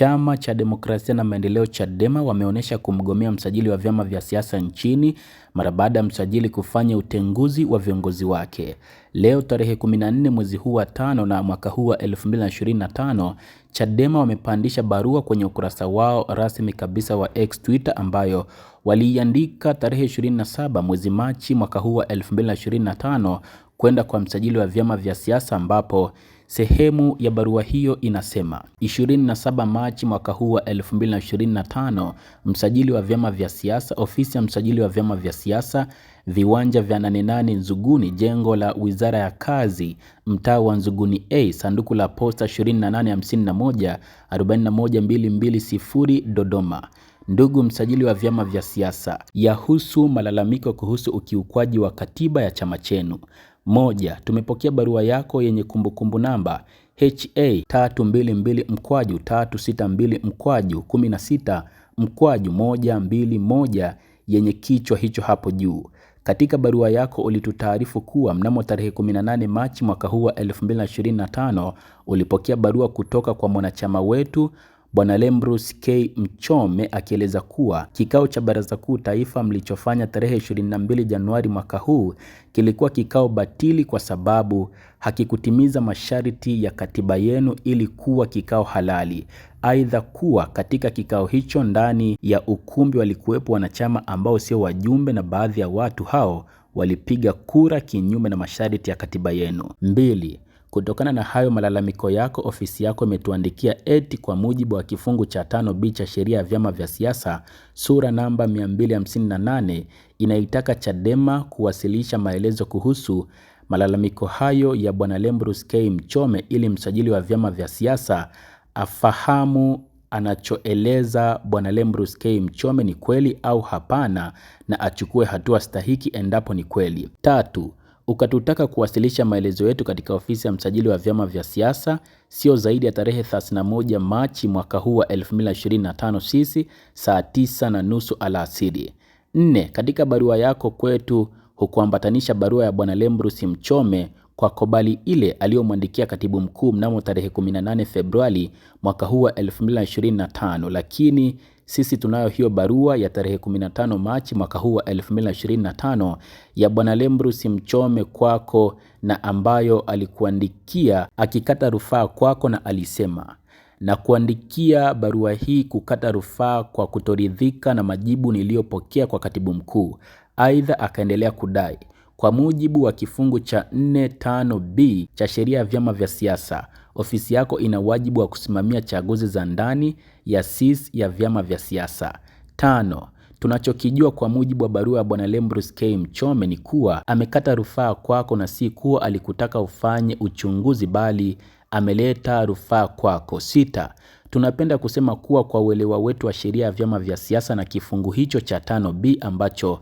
Chama cha Demokrasia na Maendeleo Chadema wameonyesha kumgomea msajili wa vyama vya siasa nchini mara baada ya msajili kufanya utenguzi wa viongozi wake. Leo tarehe 14 mwezi huu wa tano na mwaka huu wa 2025, Chadema wamepandisha barua kwenye ukurasa wao rasmi kabisa wa X Twitter ambayo waliiandika tarehe 27 mwezi Machi mwaka huu wa 2025 kwenda kwa msajili wa vyama vya siasa ambapo Sehemu ya barua hiyo inasema, 27 Machi mwaka huu wa 2025, msajili wa vyama vya siasa, ofisi ya msajili wa vyama vya siasa, viwanja vya 88 Nzuguni, jengo la Wizara ya Kazi, mtaa wa Nzuguni A, sanduku la posta 2851 41220 Dodoma. Ndugu msajili wa vyama vya siasa, yahusu malalamiko kuhusu ukiukwaji wa katiba ya chama chenu. Moja, tumepokea barua yako yenye kumbukumbu namba HA 322 mkwaju 362 mkwaju 16 mkwaju 121 yenye kichwa hicho hapo juu. Katika barua yako ulitutaarifu kuwa mnamo tarehe 18 Machi mwaka huu wa 2025 ulipokea barua kutoka kwa mwanachama wetu Bwana Lembrus K Mchome akieleza kuwa kikao cha Baraza Kuu Taifa mlichofanya tarehe 22 Januari mwaka huu kilikuwa kikao batili kwa sababu hakikutimiza masharti ya katiba yenu ili kuwa kikao halali. Aidha, kuwa katika kikao hicho ndani ya ukumbi walikuwepo wanachama ambao sio wajumbe na baadhi ya watu hao walipiga kura kinyume na masharti ya katiba yenu. Mbili, Kutokana na hayo malalamiko yako, ofisi yako imetuandikia eti kwa mujibu wa kifungu cha tano B cha sheria ya vyama vya siasa sura namba 258 inaitaka Chadema kuwasilisha maelezo kuhusu malalamiko hayo ya Bwana Lembrus K Mchome ili msajili wa vyama vya siasa afahamu anachoeleza Bwana Lembrus K Mchome ni kweli au hapana, na achukue hatua stahiki endapo ni kweli. Tatu, ukatutaka kuwasilisha maelezo yetu katika ofisi ya msajili wa vyama vya siasa sio zaidi ya tarehe 31 Machi mwaka huu wa 2025 sisi saa 9 na nusu alasiri. Nne, katika barua yako kwetu hukuambatanisha barua ya Bwana Lembrus Mchome kwa kobali ile aliyomwandikia katibu mkuu mnamo tarehe 18 Februari mwaka huu wa 2025, lakini sisi tunayo hiyo barua ya tarehe 15 Machi mwaka huu wa 2025 ya Bwana Lembrus Mchome kwako na ambayo alikuandikia akikata rufaa kwako na alisema na kuandikia barua hii kukata rufaa kwa kutoridhika na majibu niliyopokea kwa katibu mkuu. Aidha, akaendelea kudai kwa mujibu wa kifungu cha 45B cha sheria ya vyama vya siasa, ofisi yako ina wajibu wa kusimamia chaguzi za ndani ya CIS ya vyama vya siasa. Tano, tunachokijua kwa mujibu wa barua ya Bwana Lembrus K. Mchome ni kuwa amekata rufaa kwako na si kuwa alikutaka ufanye uchunguzi bali ameleta rufaa kwako. Sita, tunapenda kusema kuwa kwa uelewa wetu wa sheria ya vyama vya siasa na kifungu hicho cha 5B ambacho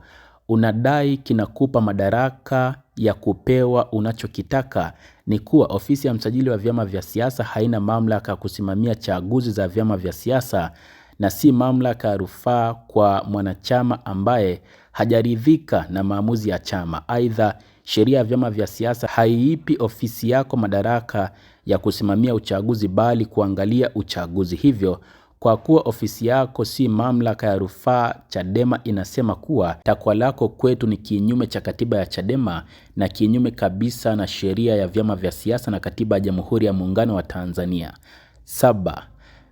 unadai kinakupa madaraka ya kupewa unachokitaka ni kuwa ofisi ya msajili wa vyama vya siasa haina mamlaka ya kusimamia chaguzi za vyama vya siasa na si mamlaka ya rufaa kwa mwanachama ambaye hajaridhika na maamuzi ya chama. Aidha, sheria ya vyama vya siasa haiipi ofisi yako madaraka ya kusimamia uchaguzi bali kuangalia uchaguzi. Hivyo kwa kuwa ofisi yako si mamlaka ya rufaa, Chadema inasema kuwa takwa lako kwetu ni kinyume cha katiba ya Chadema na kinyume kabisa na sheria ya vyama vya siasa na katiba ya Jamhuri ya Muungano wa Tanzania. Saba,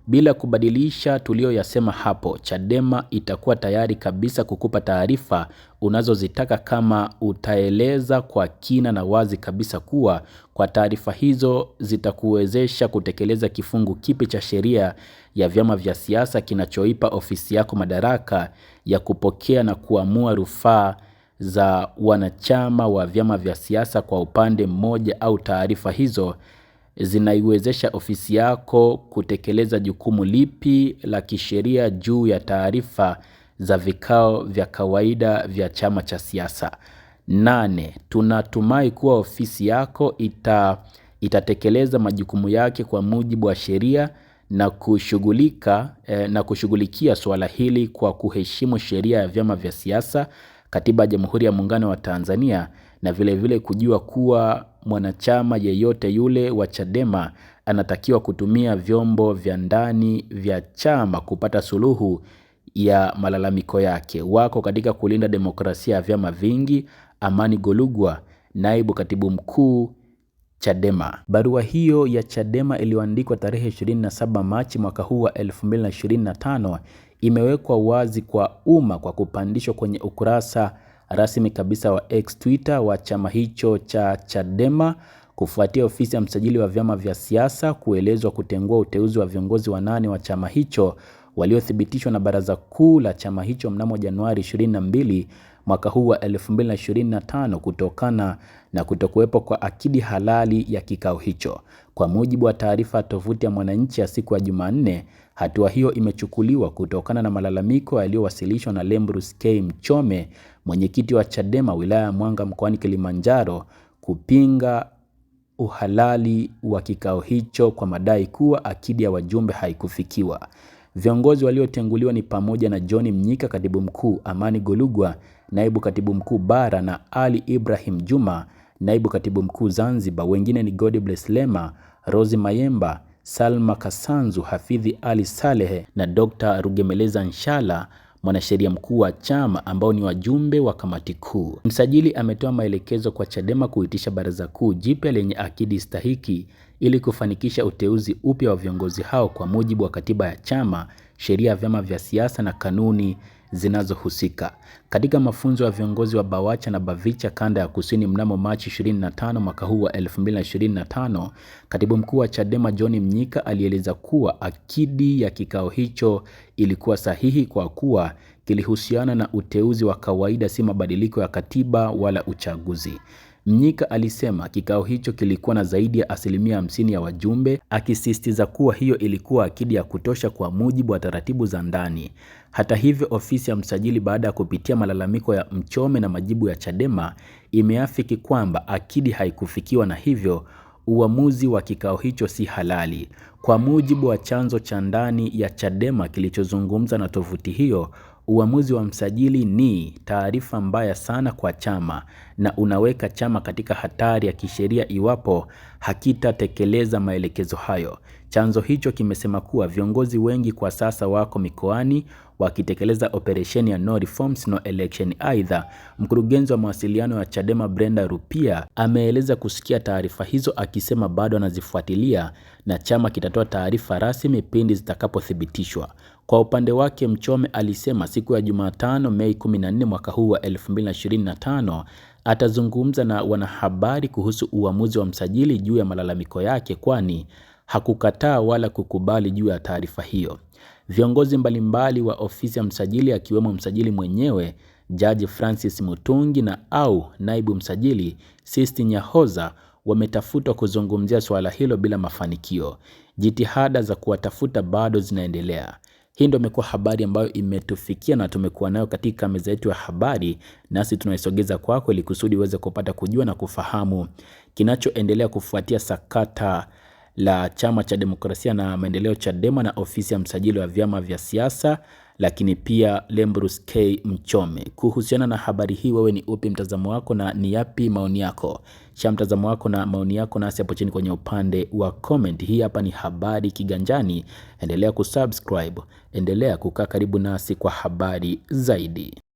bila kubadilisha tuliyoyasema hapo, Chadema itakuwa tayari kabisa kukupa taarifa unazozitaka kama utaeleza kwa kina na wazi kabisa kuwa kwa taarifa hizo zitakuwezesha kutekeleza kifungu kipi cha sheria ya vyama vya siasa kinachoipa ofisi yako madaraka ya kupokea na kuamua rufaa za wanachama wa vyama vya siasa kwa upande mmoja au taarifa hizo zinaiwezesha ofisi yako kutekeleza jukumu lipi la kisheria juu ya taarifa za vikao vya kawaida vya chama cha siasa. Nane, tunatumai kuwa ofisi yako ita, itatekeleza majukumu yake kwa mujibu wa sheria na kushughulika eh, na kushughulikia suala hili kwa kuheshimu sheria ya vyama vya siasa, katiba ya Jamhuri ya Muungano wa Tanzania na vilevile vile kujua kuwa mwanachama yeyote yule wa Chadema anatakiwa kutumia vyombo vya ndani vya chama kupata suluhu ya malalamiko yake. Wako katika kulinda demokrasia ya vyama vingi. Amani Golugwa, naibu katibu mkuu Chadema. Barua hiyo ya Chadema iliyoandikwa tarehe 27 Machi mwaka huu wa 2025 imewekwa wazi kwa umma kwa kupandishwa kwenye ukurasa rasmi kabisa wa X Twitter wa chama hicho cha Chadema kufuatia ofisi ya msajili wa vyama vya siasa kuelezwa kutengua uteuzi wa viongozi wanane wa chama hicho waliothibitishwa na baraza kuu la chama hicho mnamo Januari 22 mwaka huu wa 2025 kutokana na kutokuwepo kwa akidi halali ya kikao hicho. Kwa mujibu wa taarifa tovuti ya Mwananchi ya siku ya Jumanne, Hatua hiyo imechukuliwa kutokana na malalamiko yaliyowasilishwa na Lembrus K Mchome, mwenyekiti wa Chadema wilaya ya Mwanga mkoani Kilimanjaro, kupinga uhalali wa kikao hicho kwa madai kuwa akidi ya wajumbe haikufikiwa. Viongozi waliotenguliwa ni pamoja na John Mnyika, katibu mkuu; Amani Golugwa, naibu katibu mkuu bara, na Ali Ibrahim Juma, naibu katibu mkuu Zanzibar. Wengine ni Godbless Lema, Rose Mayemba, Salma Kasanzu, Hafidhi Ali Salehe na Dr. Rugemeleza Nshala mwanasheria mkuu wa chama ambao ni wajumbe wa kamati kuu. Msajili ametoa maelekezo kwa Chadema kuitisha baraza kuu jipya lenye akidi stahiki ili kufanikisha uteuzi upya wa viongozi hao kwa mujibu wa katiba ya chama, sheria ya vyama vya siasa na kanuni zinazohusika. Katika mafunzo ya viongozi wa BAWACHA na BAVICHA kanda ya kusini mnamo Machi 25 mwaka huu wa 2025, katibu mkuu wa Chadema John Mnyika alieleza kuwa akidi ya kikao hicho ilikuwa sahihi kwa kuwa kilihusiana na uteuzi wa kawaida, si mabadiliko ya katiba wala uchaguzi. Mnyika alisema kikao hicho kilikuwa na zaidi ya asilimia hamsini ya wajumbe, akisisitiza kuwa hiyo ilikuwa akidi ya kutosha kwa mujibu wa taratibu za ndani. Hata hivyo, ofisi ya msajili baada ya kupitia malalamiko ya Mchome na majibu ya Chadema imeafiki kwamba akidi haikufikiwa na hivyo uamuzi wa kikao hicho si halali. Kwa mujibu wa chanzo cha ndani ya Chadema kilichozungumza na tovuti hiyo, Uamuzi wa msajili ni taarifa mbaya sana kwa chama na unaweka chama katika hatari ya kisheria iwapo hakitatekeleza maelekezo hayo. Chanzo hicho kimesema kuwa viongozi wengi kwa sasa wako mikoani wakitekeleza operesheni ya no reforms no election. Aidha, mkurugenzi wa mawasiliano ya Chadema Brenda Rupia ameeleza kusikia taarifa hizo akisema bado anazifuatilia na chama kitatoa taarifa rasmi pindi zitakapothibitishwa. Kwa upande wake, Mchome alisema siku ya Jumatano Mei 14 mwaka huu wa 2025 atazungumza na wanahabari kuhusu uamuzi wa msajili juu ya malalamiko yake, kwani hakukataa wala kukubali juu ya taarifa hiyo. Viongozi mbalimbali wa ofisi ya msajili akiwemo msajili mwenyewe Jaji Francis Mutungi na au naibu msajili Sisti Nyahoza wametafutwa kuzungumzia suala hilo bila mafanikio. Jitihada za kuwatafuta bado zinaendelea. Hii ndio imekuwa habari ambayo imetufikia na tumekuwa nayo katika meza yetu ya habari, nasi tunaisogeza kwako ili kusudi uweze kupata kujua na kufahamu kinachoendelea kufuatia sakata la Chama cha Demokrasia na Maendeleo, Chadema, na ofisi ya msajili wa vyama vya siasa lakini pia Lembrus K Mchome. Kuhusiana na habari hii, wewe ni upi mtazamo wako na ni yapi maoni yako? Sha mtazamo wako na maoni yako nasi hapo chini kwenye upande wa comment. Hii hapa ni habari Kiganjani. Endelea kusubscribe, endelea kukaa karibu nasi kwa habari zaidi.